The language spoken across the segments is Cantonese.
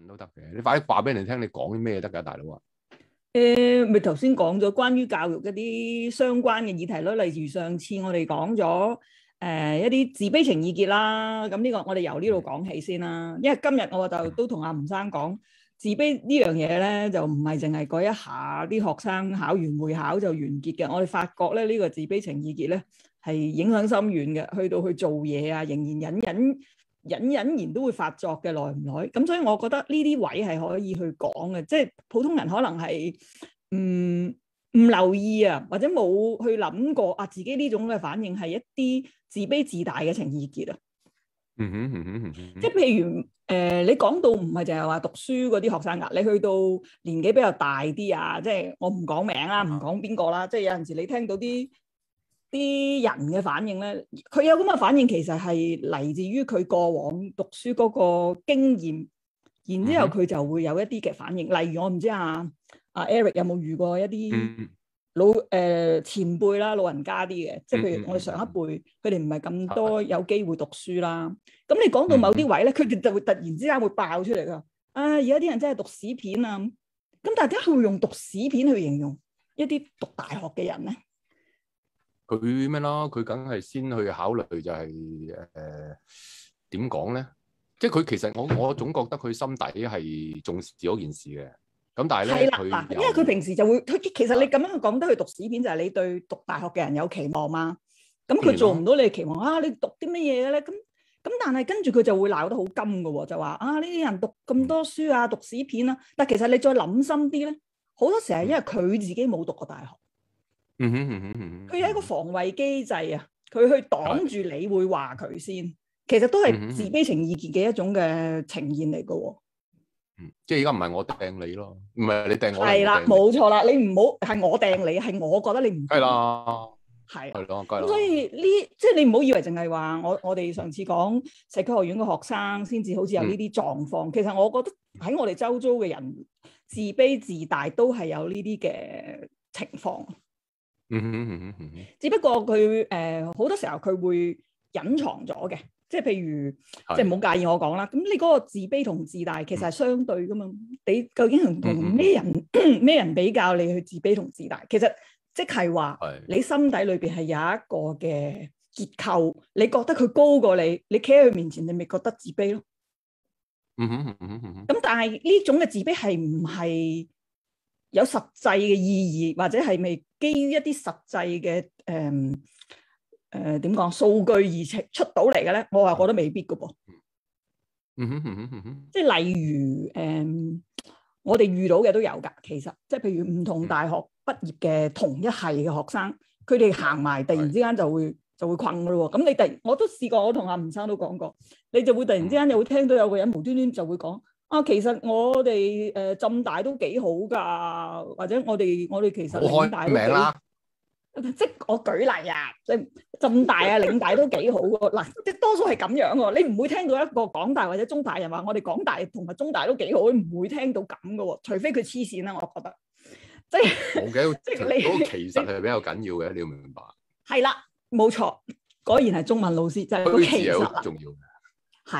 問都得嘅，你快啲話俾人哋聽，你講啲咩得㗎，大佬啊？誒，咪頭先講咗關於教育一啲相關嘅議題咯，例如上次我哋講咗誒一啲自卑情意結啦，咁呢個我哋由呢度講起先啦。因為今日我就都同阿吳生講自卑呢樣嘢咧，就唔係淨係嗰一下啲學生考完會考就完結嘅。我哋發覺咧呢個自卑情意結咧係影響深遠嘅，去到去做嘢啊，仍然隱隱。隱隱然都會發作嘅，耐唔耐。咁所以我覺得呢啲位係可以去講嘅，即係普通人可能係唔唔留意啊，或者冇去諗過啊，自己呢種嘅反應係一啲自卑自大嘅情意結啊。嗯哼嗯哼，嗯哼即係譬如誒、呃，你講到唔係淨係話讀書嗰啲學生啊，你去到年紀比較大啲啊，即係我唔講名啦、啊，唔講邊個啦，即係有陣時你聽到啲。啲人嘅反應咧，佢有咁嘅反應，其實係嚟自於佢過往讀書嗰個經驗，然之後佢就會有一啲嘅反應。例如我唔知阿阿、啊啊、Eric 有冇遇過一啲老誒、嗯呃、前輩啦、老人家啲嘅，即係譬如我哋上一輩，佢哋唔係咁多有機會讀書啦。咁、嗯、你講到某啲位咧，佢哋就會突然之間會爆出嚟㗎。啊！而家啲人真係讀屎片啊！咁大家會用讀屎片去形容一啲讀大學嘅人咧？佢咩咯？佢梗係先去考慮，就係誒點講咧？即係佢其實，我我總覺得佢心底係重視嗰件事嘅。咁但係咧，係啦，因為佢平時就會佢其實你咁樣講得佢讀史片，就係你對讀大學嘅人有期望嘛？咁佢做唔到你嘅期望的啊？你讀啲乜嘢嘅咧？咁咁但係跟住佢就會鬧得好金噶，就話啊呢啲人讀咁多書啊，讀史片啦、啊。但其實你再諗深啲咧，好多時候係因為佢自己冇讀過大學。嗯哼，佢係、嗯嗯、一個防衛機制啊，佢去擋住你會話佢先，其實都係自卑情意結嘅一種嘅呈現嚟噶。嗯，即係而家唔係我掟你咯，唔係你掟我係啦，冇錯啦，你唔好係我掟你，係我覺得你唔係啦，係係咯，咁所以呢，即係你唔好以為淨係話我我哋上次講社區學院嘅學生先至好似有呢啲狀況，其實我覺得喺我哋周遭嘅人自卑自大都係有呢啲嘅情況。嗯嗯嗯嗯嗯，只不過佢誒好多時候佢會隱藏咗嘅，即係譬如，即係唔好介意我講啦。咁你嗰個自卑同自大其實係相對噶嘛，你究竟係同咩人咩 人比較，你去自卑同自大，其實即係話你心底裏邊係有一個嘅結構，你覺得佢高過你，你企喺佢面前，你咪覺得自卑咯。嗯嗯嗯嗯嗯，咁但係呢種嘅自卑係唔係？有實際嘅意義，或者係咪基於一啲實際嘅誒誒點講數據而出到嚟嘅咧？我話覺得未必噶噃。嗯哼嗯哼嗯哼，即係例如誒，嗯，我哋遇到嘅都有噶。其實即係譬如唔同大學畢業嘅同一系嘅學生，佢哋行埋，突然之間就會就會困噶咯喎。咁你突然，我都試過，我同阿吳生都講過，你就會突然之間就會聽到有個人無端端就會講。啊，其實我哋誒、呃、浸大都幾好噶，或者我哋我哋其實領大都很開名了，即係我舉例啊，即係浸大啊、領大都幾好喎。嗱，即係多數係咁樣喎，啊。你唔會聽到一個港大或者中大人話我哋港大同埋中大都幾好，你唔會聽到咁嘅喎。除非佢黐線啦，我覺得。即係冇即係呢個其實係比較緊要嘅，你要明白。係啦，冇錯，果然係中文老師就係、是、個其實重要嘅，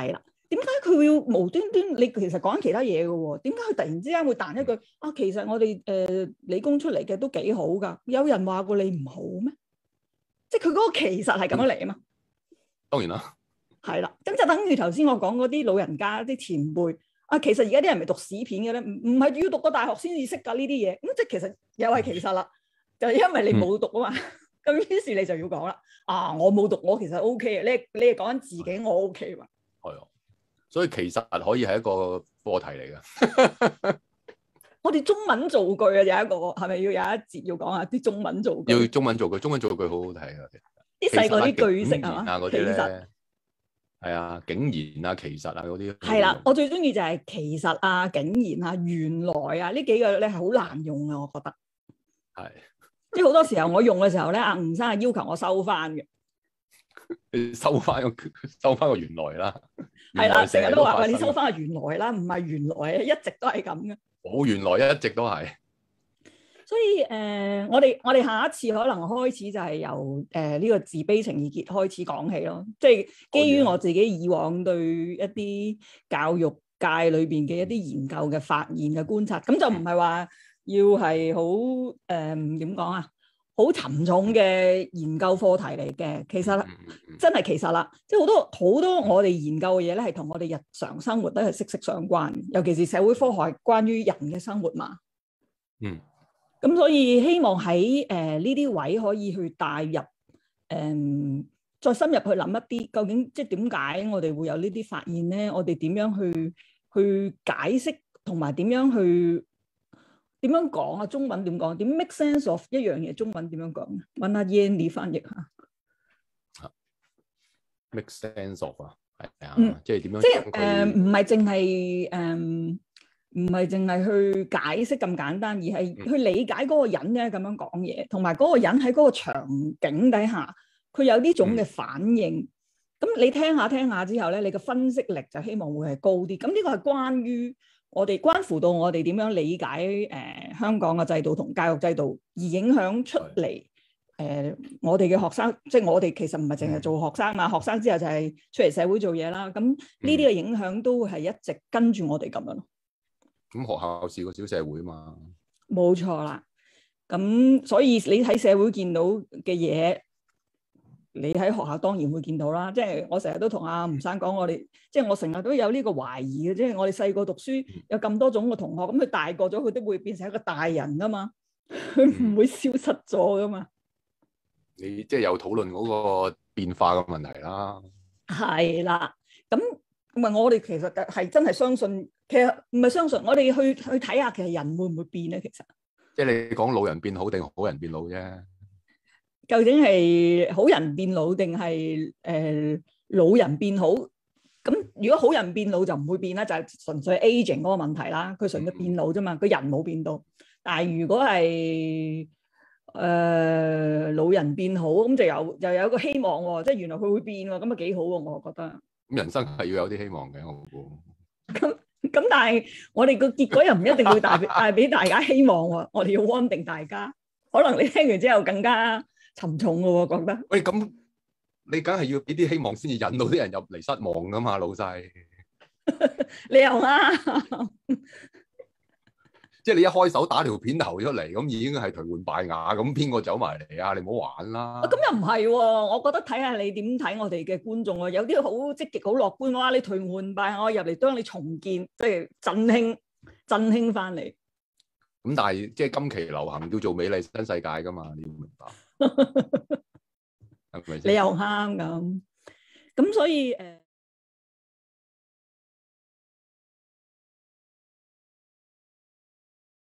係啦。點解佢會要無端端？你其實講緊其他嘢嘅喎，點解佢突然之間會彈一句啊？其實我哋誒、呃、理工出嚟嘅都幾好噶。有人話過你唔好咩？即係佢嗰個其實係咁樣嚟啊嘛。當然啦，係啦，咁就等於頭先我講嗰啲老人家啲前輩啊。其實而家啲人咪讀屎片嘅咧，唔唔係要讀個大學先至識噶呢啲嘢。咁即係其實又係其實啦，就係因為你冇讀啊嘛。咁、嗯、於 是你就要講啦啊！我冇讀，我其實 O K 嘅。你你係講緊自己，我 O K 嘛？係所以其實可以係一個課題嚟噶。我哋中文造句啊，有一個係咪要有一節要講下啲中文造句？要中文造句，中文造句好好睇啊！啲細個啲句式啊，其實係啊，竟然啊，啊，啊，其實啊，嗰啲係啦。我最鍾意就係其實啊，竟然啊，原來啊，呢幾個咧係好難用噶，我覺得係。即係好多時候我用嘅時候咧，阿吳生係要求我收翻嘅 收翻個，收翻個原來啦。係啦，成日都話話你收翻個原來啦，唔係原來啊，一直都係咁嘅。冇、哦、原來啊，一直都係。所以誒、呃，我哋我哋下一次可能開始就係由誒呢、呃這個自卑情意結開始講起咯，即係基於我自己以往對一啲教育界裏邊嘅一啲研究嘅發現嘅觀察，咁就唔係話要係好誒、點、呃、講啊？好沉重嘅研究課題嚟嘅，其實真係其實啦，即係好多好多我哋研究嘅嘢咧，係同我哋日常生活都係息息相關，尤其是社會科學係關於人嘅生活嘛。嗯。咁所以希望喺誒呢啲位可以去帶入誒、嗯，再深入去諗一啲究竟即係點解我哋會有呢啲發現咧？我哋點樣去去解釋同埋點樣去？點樣講啊？中文點講？點 make sense of 一樣嘢？中文點樣講？問阿、啊、Yanny 翻譯吓。make sense of 啊，係啊，即係點、嗯、樣？即係誒，唔係淨係誒，唔係淨係去解釋咁簡單，而係去理解嗰個人咧咁、嗯、樣講嘢，同埋嗰個人喺嗰個場景底下，佢有呢種嘅反應。咁、嗯、你聽下聽下之後咧，你嘅分析力，就希望會係高啲。咁呢個係關於我哋關乎到我哋點樣理解誒。呃香港嘅制度同教育制度，而影響出嚟，誒，呃，我哋嘅學生，即係我哋其實唔係淨係做學生啊，學生之後就係出嚟社會做嘢啦。咁呢啲嘅影響都係一直跟住我哋咁樣。咁，嗯，學校是個小社會嘛，冇錯啦。咁所以你喺社會見到嘅嘢。你喺學校當然會見到啦，即係我成日都同阿吳生講，我哋即係我成日都有呢個懷疑嘅，即係我哋細個讀書有咁多種嘅同學，咁佢大個咗，佢都會變成一個大人㗎嘛，佢唔會消失咗噶嘛。你即係有討論嗰個變化嘅問題啦。係啦，咁唔係我哋其實係真係相信，其實唔係相信，我哋去去睇下其實人會唔會變咧？其實即係你講老人變好定好人變老啫。究竟係好人變老定係誒老人變好？咁如果好人變老就唔會變啦，就係純粹 aging 嗰個問題啦。佢純粹變老啫嘛，個人冇變到。但係如果係誒老人變好，咁就有就有個希望，即係原來佢會變，咁啊幾好啊！我覺得。咁人生係要有啲希望嘅，我估。咁咁，但係我哋個結果又唔一定會帶帶俾大家希望。我哋要安定大家，可能你聽完之後更加，沉重嘅喎我覺得，喂咁你梗係要俾啲希望先至引到啲人入嚟失望㗎嘛，老細，你又啱， 即係你一開手打條片頭出嚟，咁已經係頹垣敗瓦，咁邊個走埋嚟啊？你唔好玩啦！啊咁又唔係、啊，我覺得睇下你點睇我哋嘅觀眾啊，有啲好積極、好樂觀，哇、啊！你頹垣敗瓦入嚟，當你重建，即係振興、振興翻嚟。咁但係即係今期流行叫做美麗新世界㗎嘛，你要明白 係咪先？你又啱咁，咁所以誒